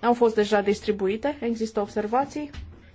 au fost deja distribuite. Există observații?